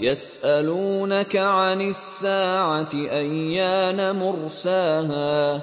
يسألونك عن الساعة أيان مرساها